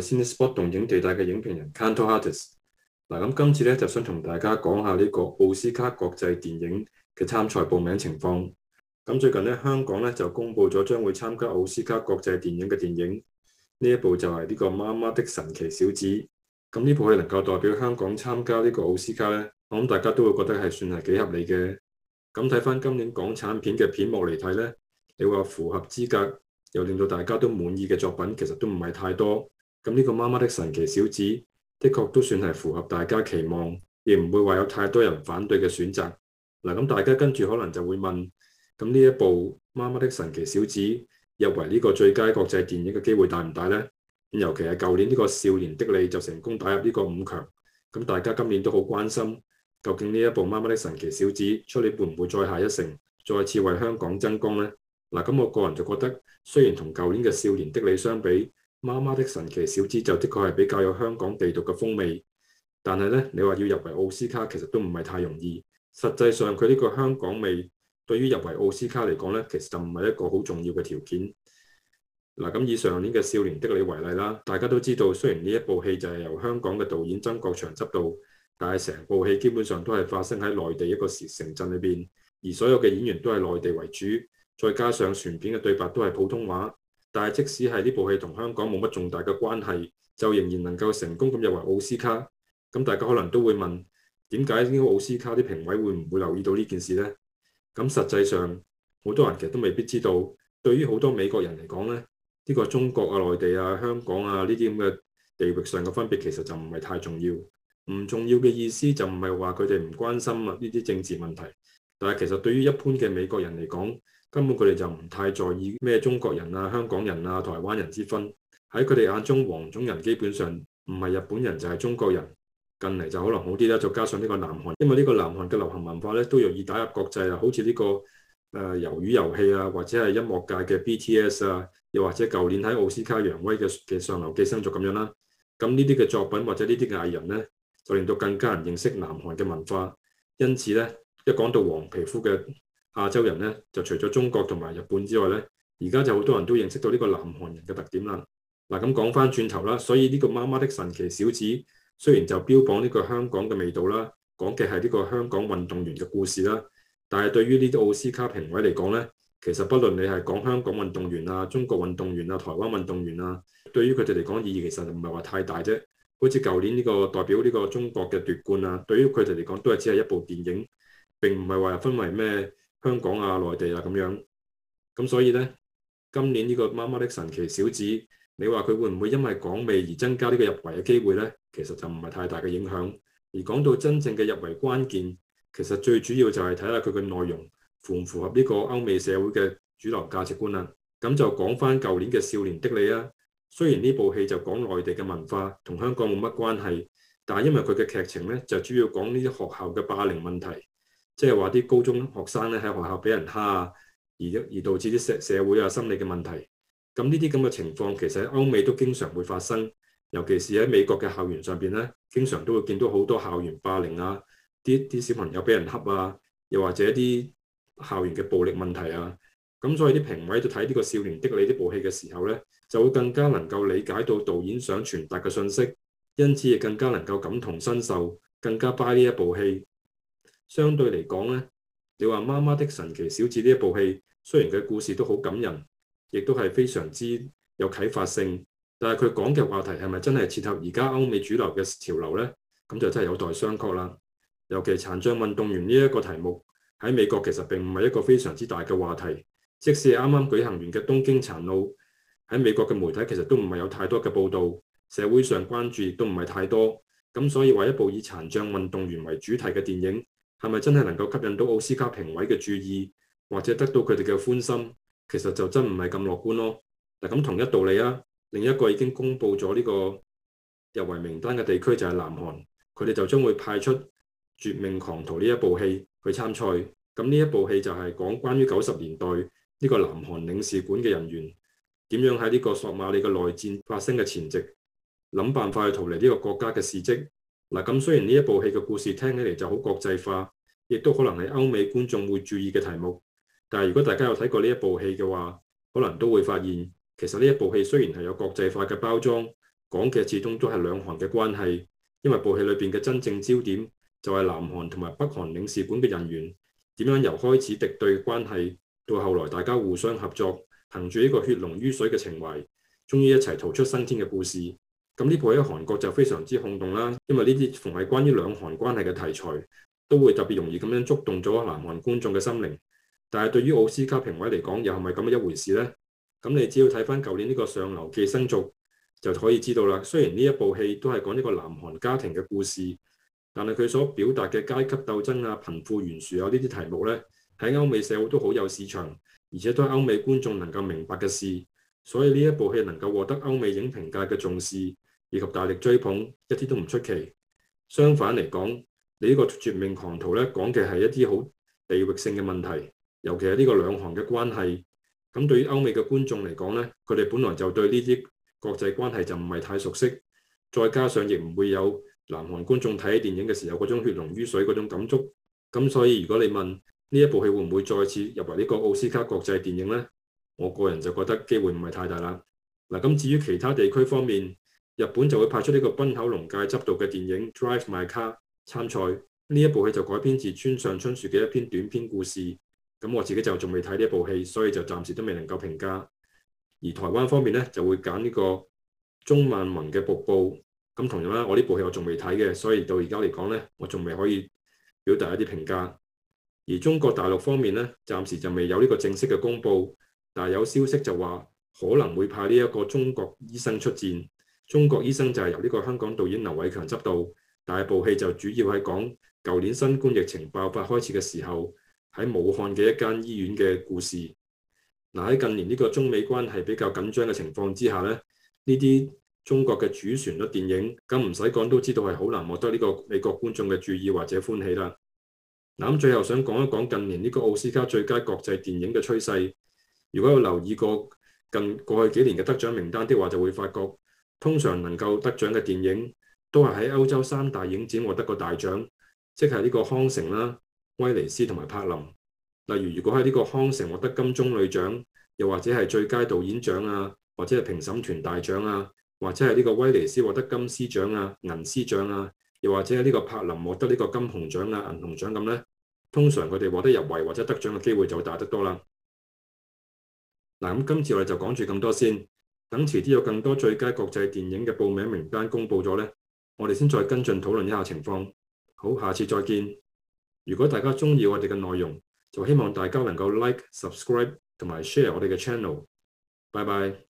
Cinespot 動映地帶嘅影評人 Kantorates 嗱，咁今次咧就想同大家講下呢個奧斯卡國際電影嘅參賽報名情況。咁最近咧，香港咧就公布咗將會參加奧斯卡國際電影嘅電影，呢一部就係呢個《媽媽的神奇小子》。咁呢部戲能夠代表香港參加呢個奧斯卡咧，我諗大家都會覺得係算係幾合理嘅。咁睇翻今年港產片嘅片目嚟睇咧，你話符合資格又令到大家都滿意嘅作品，其實都唔係太多。咁呢個媽媽的神奇小子，的確都算係符合大家期望，而唔會話有太多人反對嘅選擇。嗱，咁大家跟住可能就會問：咁呢一部媽媽的神奇小子入圍呢個最佳國際電影嘅機會大唔大呢？尤其係舊年呢個少年的你就成功打入呢個五強，咁大家今年都好關心，究竟呢一部媽媽的神奇小子出嚟會唔會再下一城，再次為香港爭光呢？嗱，咁我個人就覺得，雖然同舊年嘅少年的你相比，媽媽的神奇小子就的確係比較有香港地道嘅風味，但係咧，你話要入圍奧斯卡其實都唔係太容易。實際上佢呢個香港味對於入圍奧斯卡嚟講咧，其實就唔係一個好重要嘅條件。嗱，咁以上年嘅少年的你為例啦，大家都知道，雖然呢一部戲就係由香港嘅導演曾國祥執導，但係成部戲基本上都係發生喺內地一個城鎮裏邊，而所有嘅演員都係內地為主，再加上全片嘅對白都係普通話。但係即使係呢部戲同香港冇乜重大嘅關係，就仍然能夠成功咁入圍奧斯卡。咁大家可能都會問，點解呢個奧斯卡啲評委會唔會留意到呢件事呢？咁實際上，好多人其實都未必知道。對於好多美國人嚟講咧，呢個中國啊、內地啊、香港啊呢啲咁嘅地域上嘅分別，其實就唔係太重要。唔重要嘅意思就唔係話佢哋唔關心啊呢啲政治問題。但係其實對於一般嘅美國人嚟講，根本佢哋就唔太在意咩中國人啊、香港人啊、台灣人之分，喺佢哋眼中黃種人基本上唔係日本人就係、是、中國人。近嚟就可能好啲啦，再加上呢個南韓，因為呢個南韓嘅流行文化咧都容易打入國際啊，好似呢、這個誒魷、呃、魚遊戲啊，或者係音樂界嘅 BTS 啊，又或者舊年喺奧斯卡揚威嘅嘅《上流寄生族、啊》咁樣啦。咁呢啲嘅作品或者呢啲嘅藝人咧，就令到更加人認識南韓嘅文化。因此咧，一講到黃皮膚嘅亞洲人咧就除咗中國同埋日本之外咧，而家就好多人都認識到呢個南韓人嘅特點啦。嗱咁講返轉頭啦，所以呢個媽媽的神奇小子雖然就標榜呢個香港嘅味道啦，講嘅係呢個香港運動員嘅故事啦，但係對於呢啲奧斯卡評委嚟講咧，其實不論你係講香港運動員啊、中國運動員啊、台灣運動員啊，對於佢哋嚟講意義其實唔係話太大啫。好似舊年呢個代表呢個中國嘅奪冠啊，對於佢哋嚟講都係只係一部電影，並唔係話分為咩香港啊，內地啊，咁樣，咁所以呢，今年呢個媽媽的神奇小子，你話佢會唔會因為港味而增加呢個入圍嘅機會呢？其實就唔係太大嘅影響。而講到真正嘅入圍關鍵，其實最主要就係睇下佢嘅內容符唔符合呢個歐美社會嘅主流價值觀啦、啊。咁就講返舊年嘅少年的你啊，雖然呢部戲就講內地嘅文化，同香港冇乜關係，但係因為佢嘅劇情呢，就主要講呢啲學校嘅霸凌問題。即係話啲高中學生咧喺學校俾人蝦啊，而而導致啲社社會啊心理嘅問題。咁呢啲咁嘅情況其實喺歐美都經常會發生，尤其是喺美國嘅校園上邊咧，經常都會見到好多校園霸凌啊，啲啲小朋友俾人恰啊，又或者啲校園嘅暴力問題啊。咁所以啲評委就睇呢個少年的你呢部戲嘅時候咧，就會更加能夠理解到導演想傳達嘅信息，因此亦更加能夠感同身受，更加 buy 呢一部戲。相對嚟講咧，你話《媽媽的神奇小子》呢一部戲，雖然佢故事都好感人，亦都係非常之有啟發性，但係佢講嘅話題係咪真係切合而家歐美主流嘅潮流呢？咁就真係有待商榷啦。尤其殘障運動員呢一個題目喺美國其實並唔係一個非常之大嘅話題，即使啱啱舉行完嘅東京殘奧，喺美國嘅媒體其實都唔係有太多嘅報道，社會上關注亦都唔係太多。咁所以話一部以殘障運動員為主題嘅電影，係咪真係能夠吸引到奧斯卡評委嘅注意，或者得到佢哋嘅歡心？其實就真唔係咁樂觀咯。嗱，咁同一道理啊，另一個已經公佈咗呢個入圍名單嘅地區就係南韓，佢哋就將會派出《絕命狂逃》呢一部戲去參賽。咁呢一部戲就係講關於九十年代呢個南韓領事館嘅人員點樣喺呢個索馬里嘅內戰發生嘅前夕，諗辦法去逃離呢個國家嘅事蹟。嗱，咁雖然呢一部戲嘅故事聽起嚟就好國際化，亦都可能係歐美觀眾會注意嘅題目，但係如果大家有睇過呢一部戲嘅話，可能都會發現其實呢一部戲雖然係有國際化嘅包裝，講嘅始終都係兩韓嘅關係，因為部戲裏邊嘅真正焦點就係南韓同埋北韓領事館嘅人員點樣由開始敵對嘅關係，到後來大家互相合作，憑住呢個血濃於水嘅情懷，終於一齊逃出生天嘅故事。咁呢部喺韓國就非常之轟動啦，因為呢啲逢係關於兩韓關係嘅題材，都會特別容易咁樣觸動咗南韓觀眾嘅心靈。但係對於奧斯卡評委嚟講，又係咪咁嘅一回事呢？咁你只要睇返舊年呢個《上流寄生族》，就可以知道啦。雖然呢一部戲都係講一個南韓家庭嘅故事，但係佢所表達嘅階級鬥爭啊、貧富懸殊啊呢啲題目咧，喺歐美社會都好有市場，而且都係歐美觀眾能夠明白嘅事。所以呢一部戲能夠獲得歐美影評界嘅重視。以及大力追捧一啲都唔出奇，相反嚟講，你呢個絕命狂逃咧講嘅係一啲好地域性嘅問題，尤其係呢個兩韓嘅關係。咁對於歐美嘅觀眾嚟講咧，佢哋本來就對呢啲國際關係就唔係太熟悉，再加上亦唔會有南韓觀眾睇電影嘅時候嗰種血濃於水嗰種感觸。咁所以如果你問呢一部戲會唔會再次入圍呢個奧斯卡國際電影咧，我個人就覺得機會唔係太大啦。嗱，咁至於其他地區方面。日本就會派出呢個濱口龍介執導嘅電影《Drive My Car》參賽，呢一部戲就改編自村上春樹嘅一篇短篇故事。咁我自己就仲未睇呢一部戲，所以就暫時都未能夠評價。而台灣方面咧就會揀呢個鍾孟宏嘅瀑布。咁同樣啦，我呢部戲我仲未睇嘅，所以到而家嚟講咧，我仲未可以表達一啲評價。而中國大陸方面咧，暫時就未有呢個正式嘅公佈，但係有消息就話可能會派呢一個中國醫生出戰。中國醫生就係由呢個香港導演劉偉強執導，但係部戲就主要係講舊年新冠疫情爆發開始嘅時候喺武漢嘅一間醫院嘅故事。嗱，喺近年呢個中美關係比較緊張嘅情況之下咧，呢啲中國嘅主旋律電影咁唔使講都知道係好難獲得呢個美國觀眾嘅注意或者歡喜啦。嗱，咁最後想講一講近年呢個奧斯卡最佳國際電影嘅趨勢，如果有留意過近過去幾年嘅得獎名單的話，就會發覺。通常能夠得獎嘅電影，都係喺歐洲三大影展獲得個大獎，即係呢個康城啦、威尼斯同埋柏林。例如，如果喺呢個康城獲得金棕櫚獎，又或者係最佳導演獎啊，或者係評審團大獎啊，或者係呢個威尼斯獲得金獅獎啊、銀獅獎啊，又或者呢個柏林獲得呢個金熊獎啊、銀熊獎咁咧，通常佢哋獲得入圍或者得獎嘅機會就大得多啦。嗱，咁今次我哋就講住咁多先。等遲啲有更多最佳國際電影嘅報名名單公布咗咧，我哋先再跟進討論一下情況。好，下次再見。如果大家鍾意我哋嘅內容，就希望大家能夠 Like、Subscribe 同埋 Share 我哋嘅 Channel。拜拜。